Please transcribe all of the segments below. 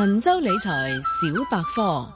神州理財小百科。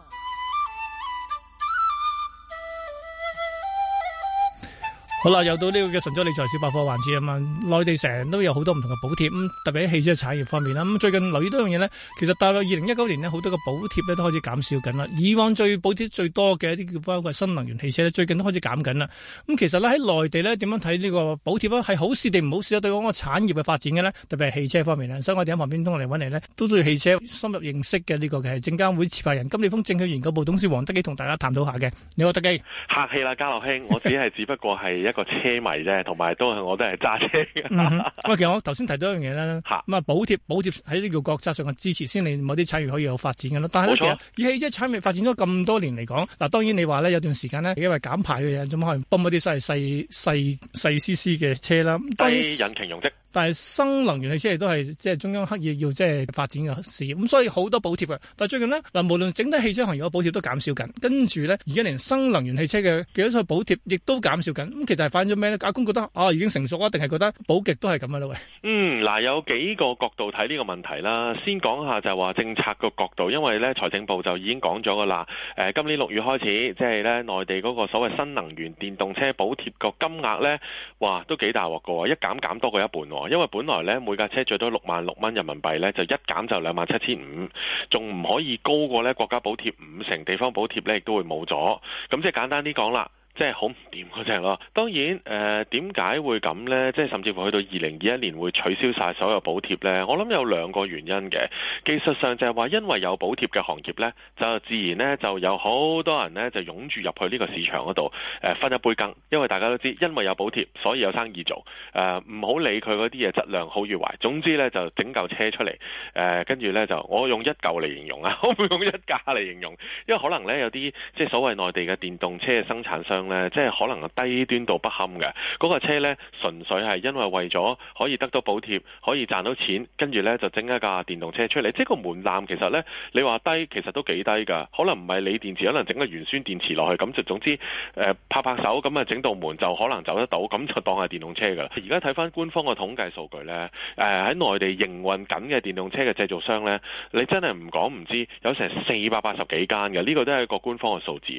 好啦，又到呢個嘅神州理財小百科環節啊嘛，內、嗯、地成日都有好多唔同嘅補貼，咁、嗯、特別喺汽車產業方面啦。咁、嗯、最近留意多樣嘢咧，其實大概二零一九年咧，好多嘅補貼咧都開始減少緊啦。以往最補貼最多嘅一啲叫包括新能源汽車最近都開始減緊啦。咁、嗯、其實咧喺內地咧點樣睇呢個補貼咧係好事定唔好事啊？對嗰個產業嘅發展嘅咧，特別係汽車方面咧，所以我哋喺旁邊通過嚟揾嚟咧，都對汽車深入認識嘅呢、這個嘅證監會策劃人金利豐證券研究部董事黃德幾同大家探討下嘅。你好，德幾，客氣啦，家樂兄，我只係 只不過係一。個車迷啫，同埋都係我都係揸車。咁、 嗯、其實我頭先提到一樣嘢咧，咁啊補貼補貼喺呢個國際上嘅，支持先令某啲產業可以有發展嘅啦。但係錯其實以汽車產業發展咗咁多年嚟講，嗱，當然你話咧有段時間咧因為減排嘅嘢，咁可能泵嗰啲細細細細絲絲嘅車啦。但係引擎容積。但係新能源汽車亦都係即係中央刻意要即係發展嘅事業，咁所以好多補貼嘅。但係最近呢，嗱，無論整體汽車行業嘅補貼都減少緊，跟住咧而家連新能源汽車嘅幾多套補貼亦都減少緊。咁其實。係反咗咩？阿公覺得、啊、已經成熟啊，定係覺得補極都係咁噶啦喂？嗯，嗱，有幾個角度睇呢個問題啦。先講下就話政策個角度，因為咧財政部就已經講咗噶啦。誒、呃，今年六月開始，即係咧內地嗰個所謂新能源電動車補貼個金額咧，哇，都幾大鑊噶喎！一減減多過一半喎、哦，因為本來咧每架車最多六萬六蚊人民幣咧，就一減就兩萬七千五，仲唔可以高過咧國家補貼五成，地方補貼咧亦都會冇咗。咁即係簡單啲講啦。即係好唔掂嗰隻咯。當然，誒點解會咁呢？即係甚至乎去到二零二一年會取消晒所有補貼呢。我諗有兩個原因嘅。技術上就係話，因為有補貼嘅行業呢，就自然呢就有好多人呢就擁住入去呢個市場嗰度，誒分一杯羹。因為大家都知，因為有補貼，所以有生意做。誒唔好理佢嗰啲嘢質量好與壞，總之呢，就整嚿車出嚟。誒跟住呢，就我用一嚿嚟形容啊，我唔會用一架嚟形容。因為可能呢，有啲即係所謂內地嘅電動車生產商。即係可能低端到不堪嘅嗰、那個車呢，純粹係因為為咗可以得到補貼，可以賺到錢，跟住呢，就整一架電動車出嚟。即係個門檻其實呢，你話低其實都幾低㗎。可能唔係鋰電池，可能整個鉛酸電池落去，咁就總之、呃、拍拍手咁啊，整到門就可能走得到，咁就當係電動車㗎啦。而家睇翻官方嘅統計數據呢，誒、呃、喺內地營運緊嘅電動車嘅製造商呢，你真係唔講唔知，有成四百八十幾間嘅，呢、這個都係一個官方嘅數字。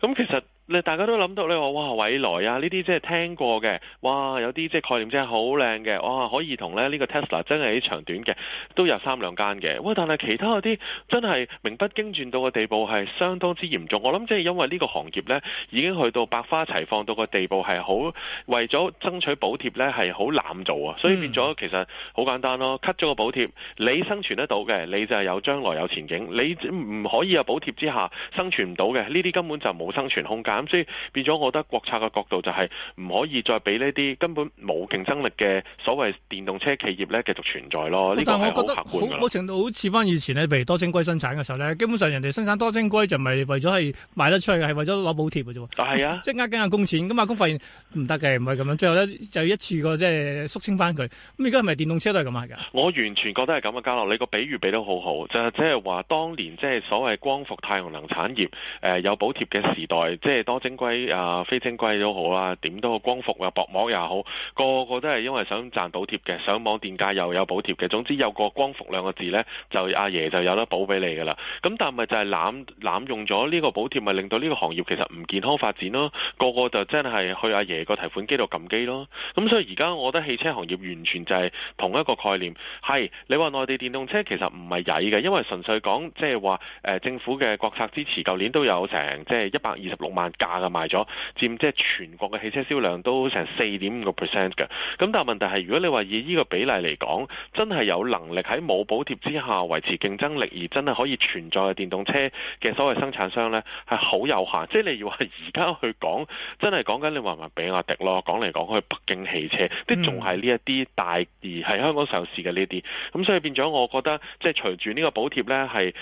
咁其實。大家都諗到咧，哇，蔚來啊，呢啲即係聽過嘅，哇，有啲即係概念真係好靚嘅，哇，可以同咧呢個 Tesla 真係喺長短嘅，都有三兩間嘅，喂，但係其他嗰啲真係名不經傳到嘅地步係相當之嚴重。我諗即係因為呢個行業呢已經去到百花齊放到個地步係好為咗爭取補貼呢係好濫做啊，所以變咗其實好簡單咯，cut 咗個補貼，你生存得到嘅你就係有將來有前景，你唔可以有補貼之下生存唔到嘅，呢啲根本就冇生存空間。咁所以變咗，我覺得國策嘅角度就係唔可以再俾呢啲根本冇競爭力嘅所謂電動車企業咧繼續存在咯。但係我覺得好程度，好似翻以前咧，譬如多晶硅生產嘅時候咧，基本上人哋生產多晶硅就唔係為咗係賣得出嚟，係為咗攞補貼嘅啫喎。但係啊，即係呃緊下工錢。咁阿工發現唔得嘅，唔係咁樣。最後咧就一次過即係縮清翻佢。咁而家係咪電動車都係咁啊？我完全覺得係咁嘅，交流你個比喻比得好好，就係即係話當年即係所謂光伏太陽能產業誒、呃、有補貼嘅時代，即係。多晶硅啊，非晶硅都好啦，點都好，光伏啊、薄膜又好，個個都係因為想賺補貼嘅，上網電價又有補貼嘅，總之有個光伏兩個字呢，就阿爺就有得補俾你噶啦。咁但係咪就係濫濫用咗呢個補貼，咪令到呢個行業其實唔健康發展咯？個個就真係去阿爺個提款機度撳機咯。咁所以而家我覺得汽車行業完全就係同一個概念，係你話內地電動車其實唔係曳嘅，因為純粹講即係話政府嘅國策支持，舊年都有成即係一百二十六萬。價嘅賣咗，占即係全國嘅汽車銷量都成四點五個 percent 嘅。咁但係問題係，如果你話以呢個比例嚟講，真係有能力喺冇補貼之下維持競爭力，而真係可以存在嘅電動車嘅所謂生產商呢，係好有限。即係你如話而家去講，真係講緊你話唔話比亞迪咯，講嚟講去北京汽車，啲仲係呢一啲大而係香港上市嘅呢啲。咁所以變咗，我覺得即係隨住呢個補貼呢，係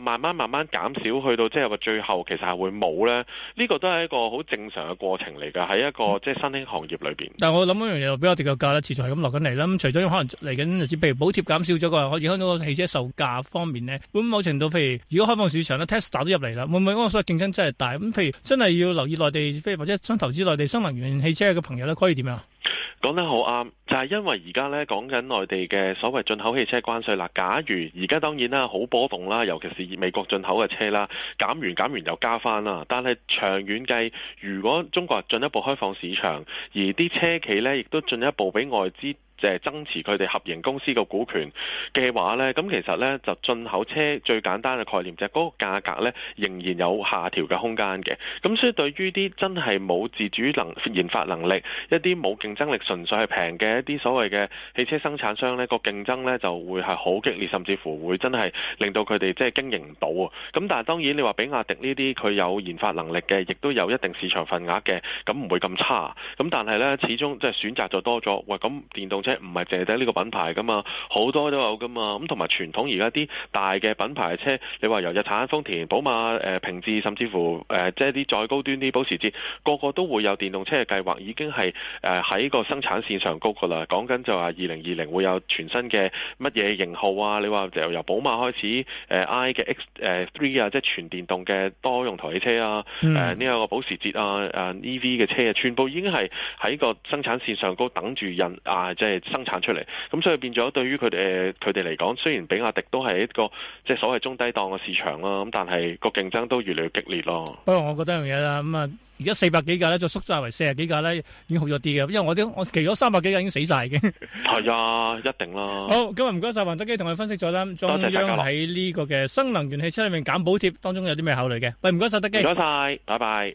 慢慢慢慢減少，去到即係話最後其實係會冇呢呢個覺得係一個好正常嘅過程嚟噶，喺一個即係新興行業裏邊。但係我諗一樣嘢，比較跌嘅價咧，持續係咁落緊嚟啦。咁除咗可能嚟緊，例如譬如補貼減少咗嘅話，影響到個汽車售價方面咧，會唔會某程度，譬如如果開放市場咧，Tesla 打都入嚟啦，會唔會嗰個所謂競爭真係大？咁譬如真係要留意內地，譬如或者想投資內地新能源汽車嘅朋友咧，可以點啊？講得好啱，就係因為而家咧講緊內地嘅所謂進口汽車關稅啦。假如而家當然啦，好波動啦，尤其是美國進口嘅車啦，減完減完又加返啦。但係長遠計，如果中國進一步開放市場，而啲車企呢亦都進一步俾外資。即係增持佢哋合營公司嘅股權嘅話咧，咁其實咧就進口車最簡單嘅概念，就係嗰個價格咧，仍然有下調嘅空間嘅。咁所以對於啲真係冇自主能研發能力、一啲冇競爭力、純粹係平嘅一啲所謂嘅汽車生產商咧，個競爭咧就會係好激烈，甚至乎會真係令到佢哋即係經營唔到啊！咁但係當然你話比亞迪呢啲佢有研發能力嘅，亦都有一定市場份額嘅，咁唔會咁差。咁但係咧，始終即係選擇就多咗。喂，咁電動即係唔係淨係得呢個品牌㗎嘛？好多都有㗎嘛！咁同埋傳統而家啲大嘅品牌車，你話由日產、豐田、寶馬、誒、呃、平治，甚至乎誒、呃、即係啲再高端啲保時捷，個個都會有電動車嘅計劃，已經係誒喺個生產線上高噶啦。講緊就話二零二零會有全新嘅乜嘢型號啊？你話就由寶馬開始誒、呃、I 嘅 X 誒、呃、Three 啊，即係全電動嘅多用途汽車啊，誒呢、mm, 呃這個保時捷啊，誒、啊、EV 嘅車啊，全部已經係喺個生產線上高等住印啊，即係。生產出嚟，咁所以變咗對於佢哋佢哋嚟講，雖然比亞迪都係一個即係所謂中低檔嘅市場啦，咁但係個競爭都越嚟越激烈咯。不過我覺得這樣嘢啦，咁啊，而家四百幾架咧，就縮窄為四十幾架咧，已經好咗啲嘅，因為我啲我其餘三百幾架已經死晒嘅。係啊，一定啦。好，今日唔該晒黃德幾同佢分析咗啦，中央喺呢個嘅新能源汽車裏面減補貼當中有啲咩考慮嘅？喂，唔該晒，德幾。唔該晒，拜拜。